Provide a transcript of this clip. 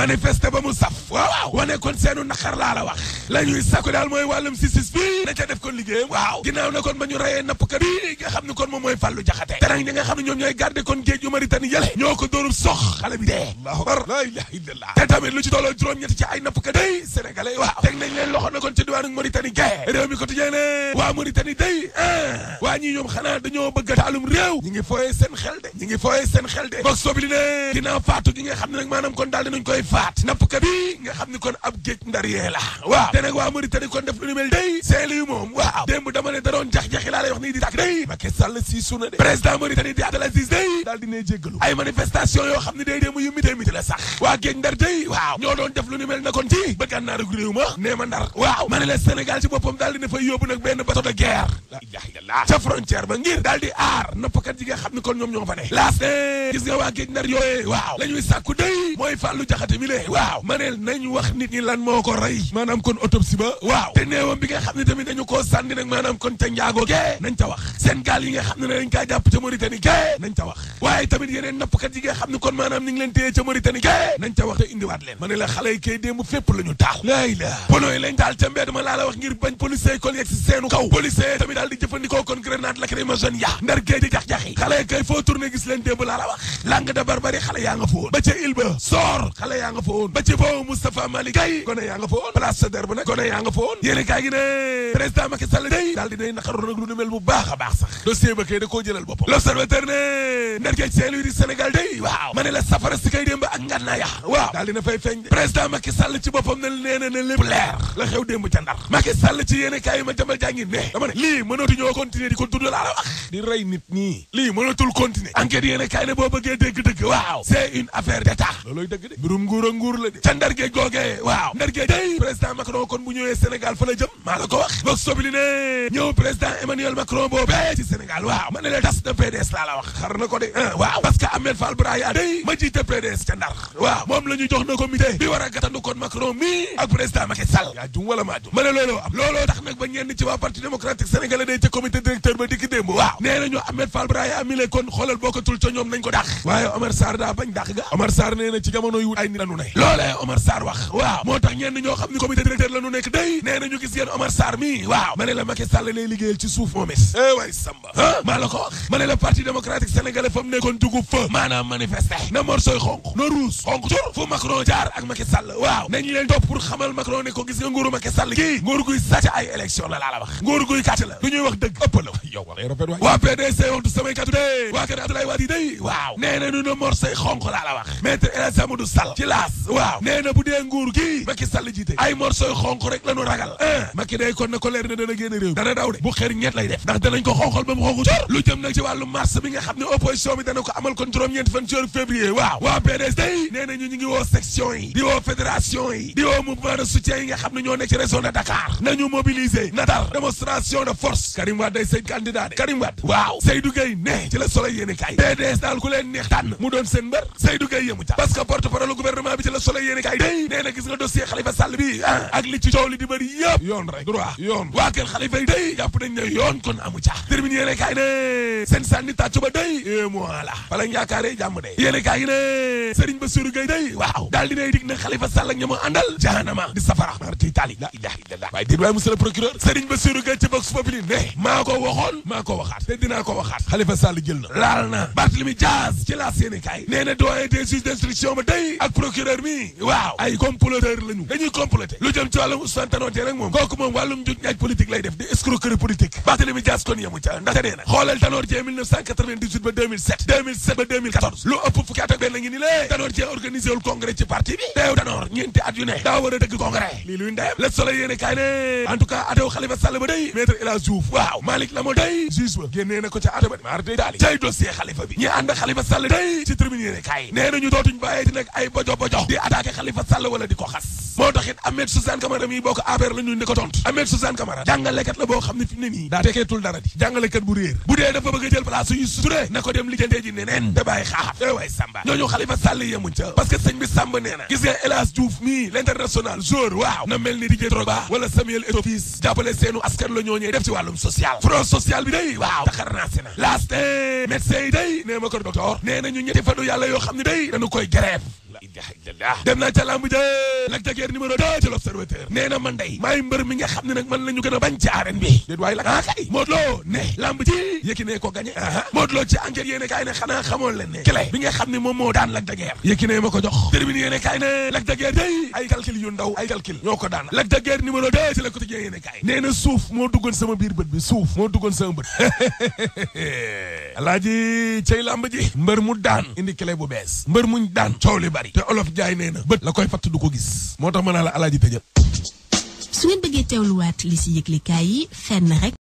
manifester ba mu saf waaw wane kon seenu naqar laa la wax la ñuy sakku daal mooy wàllum justice bi na ca def kon liggéeyam waaw ginnaaw na kon ba ñu reyee nappkat bi nga xam ne kon moom mooy fàllu jaxate te nag ñi nga xam ne ñoom ñooy kon géej yu Mauritanie yële ñoo ko dóorub sox xale dee allahu akbar te tamit lu ci dooloo juróom-ñetti ci ay nappkat day sénégalais waaw teg nañ loxo na kon ci diwaanu Mauritanie gae réew mi ko a ah. waa ñii ñoom xanaa dañoo xel de ñi ngi fooyee seen xel de boog sobi li ne faatu gi nga xam faat nappkat bi nga xam ni kon ab ndar yee la waaw te nag waa Mauritanie kon def lu ni mel day Saint-Louis moom waaw démb dama ne da doon jax-jaxi laa lay wax nii di tàkk day Macky Sall si suna de président Mauritanie di Abdoul Aziz day daal dina jéggalu ay manifestation yoo xam ne day démb yu mitee miti la sax waa géej ndar day na kon ci ba nag benn bateau de guerre ca frontière ba ngir di aar nappkat yi nga xam ni kon ñoom ñoo fa ne laas gis bi le waaw ma ne nañ wax nit ñi lan moo ko rey maanaam kon autopsie ba waaw te néewam bi nga xam ne tamit dañu ko sànni nag maanaam kon ca njaago gee nañ ca wax seen gaal yi nga xam ne ne dañ kaa jàpp ca Mauritanie gee nañ ca wax waaye tamit yeneen nappkat yi nga xam ne kon maanaam ni ngi leen téye ca Mauritanie gee nañ ca wax te indiwaat leen ma ne la xale yi kay démb fépp la ñu taaxu laay la pono daal ca mbedd ma laa la wax ngir bañ policier kon kon grenade yaa nga fa woon ba ci foofu Moustapha Malick Gaye gone yaa nga fa woon place Clédor bu nag gone yaa nga fa woon yéene kaay gi ne président Macky Sall day daal di nay naqaru nag lu nu mel bu baax a baax sax dossier ba kay da koo jëlal boppam l'observateur ne ndar geeg Saint-Louis di Sénégal day waaw ma ne la safara si kay démb ak ngan naa yax waaw daal dina fay feeñ président Macky Sall ci boppam ne nee na ne lépp leer la xew démb ca ndar Macky Sall ci yéene kaay yi ma jambal jàngi ne dama ne lii mënootu ñoo continuer di ko dund laa la wax di rey nit ñi lii mënootul continuer enquête yéene kaay ne boo bëggee dégg dëgg waaw c'est une affaire d'état looloy dëgg de nguur a nguur la de ca ndargeej googee waaw ndargeej day président Macron kon bu ñëwee Sénégal fa la jëm maa la ko wax boog sobili ne ñëw président Emmanuel Macron boobee ci Sénégal waaw ma ne la tas na PDS laa la wax xar na ko de waaw parce que Ahmed Fall a day ma jiite PDS ca Ndar waaw moom la ñu jox na comité bi war a gàttandu kon Macron mi ak président Macky Sall yaa jum wala maa jum kon xoolal bokkatul ca ñoom nañ ko dàq waaye nu ne loolee Omar Sarr wax waaw moo tax ñenn ñoo xam ni comité directeur la nu nekk day nee na ñu gis yéen Omar Sarr mi waaw ma ne la Macky Sall lay liggéeyal ci suuf moom it eh waay Samba ah maa la ko wax ma parti démocratique sénégalais fa mu nekkoon fa maanaam manifesté na morsoy xonq na ruus xonq tur fu Macron jaar ak Macky Sall waaw nañ leen topp pour xamal Macron ne ko gis nga nguuru Macky Sall kii nguur guy sàcc ay élection la la wax nguur guy kàcc laas waaw nee na bu dee nguur gii Macky Sall jiite ay morsoy xonq rek la ragal a eh. eh. Macky day kon ne ko leer dana génn réew dana daw de bu xër lay def ndax danañ ko xonqal ba mu xonq cor lu jëm nag ci wàllu mars bi nga xam ne opposition bi dana ko amal kon juróom-ñeenti fan ci weeru février waaw PDS day nee na ñu ñu ngi woo section yi di woo fédération yi di woo mouvement de soutien yi nga xam ne ñoo nekk ci région de Dakar nañu mobiliser natar démonstration gouvernement bi ci la Soleil yéene kaay day nee na gis nga dossier Khalifa Sall bi ah, ak li ci coow li di bëri yëpp yoon rek droit yoon waa kër Khalifa yi day jàpp nañ ne yoon kon amu caax termine yéene kaay ne seen sànni tàccu ba day é mois ak ña procureur mi waaw ay comploteur lañu dañuy comploter lu jëm ci wàllum Ousmane Tanor Dieng nag moom kooku moom wàllum njug ñaaj politique lay def di escroquerie politique Barthélémy Dias kon yemu ca ndaxte nee na xoolal Tanor Dieng 1998 ba 2007 2007 ba 2014 lu ëpp fukki at ak benn ngi ni lée Tanor Dieng organisé wul congrès ci parti bi teew Tanor ñeenti at yu ne daa war a dëgg congrès lii luy ndeyam Le Soleil yéene kaay ne en tout ba day maître El Hadj Diouf bojo di attaqué Khalifa Sall wala di ko xas moo tax it Ahmed Suzanne Camara jàngalekat la boo xam ne fi ne nii daa tekkeetul dara di jàngalekat bu réer bu dee dafa bëgg a jël place yu suturé na ko dem lijjantee neneen te bàyyi xaar te eh waay Samba ñooñu Khalifa Sall parce que sëñ bi Samba nee gis nga El Hadj mii l'international joueur waaw na mel ni Didier Drogba wala Samuel Eto'o fils jàppale seenu askan la ñooñee def ci wàllum social front social bi day waaw taxar naa si na laaste eh, l'observateur numéro 2 ci l'observateur nee na man day maay mbër mi nga xam ne nag man la gën a bañ ci arène bi déet waaye la ah ne lamb ji Yékini ko gagné aha Modou ci enquête yéene ne xanaa xamoon leen ne clé bi nga xam ne moom moo daan Lac de Guiers Yékini ma ko jox termine yéene kaay ne Lac de Guiers ay calcul yu ndaw ay calcul ñoo ko daan Lac de Guiers numéro 2 ci la quotidien yéene kaay nee na suuf moo duggoon sama biir bët bi suuf moo duggoon sama bët alaaji cey lamb ji mbër mu daan indi clé bu bees mbër muñ daan coow li bari te olof jaay nee na bët la koy du ko gis ma naa la alaaji tëjal su ngeen bëggee teewluwaat li si yëglekaay fenn rek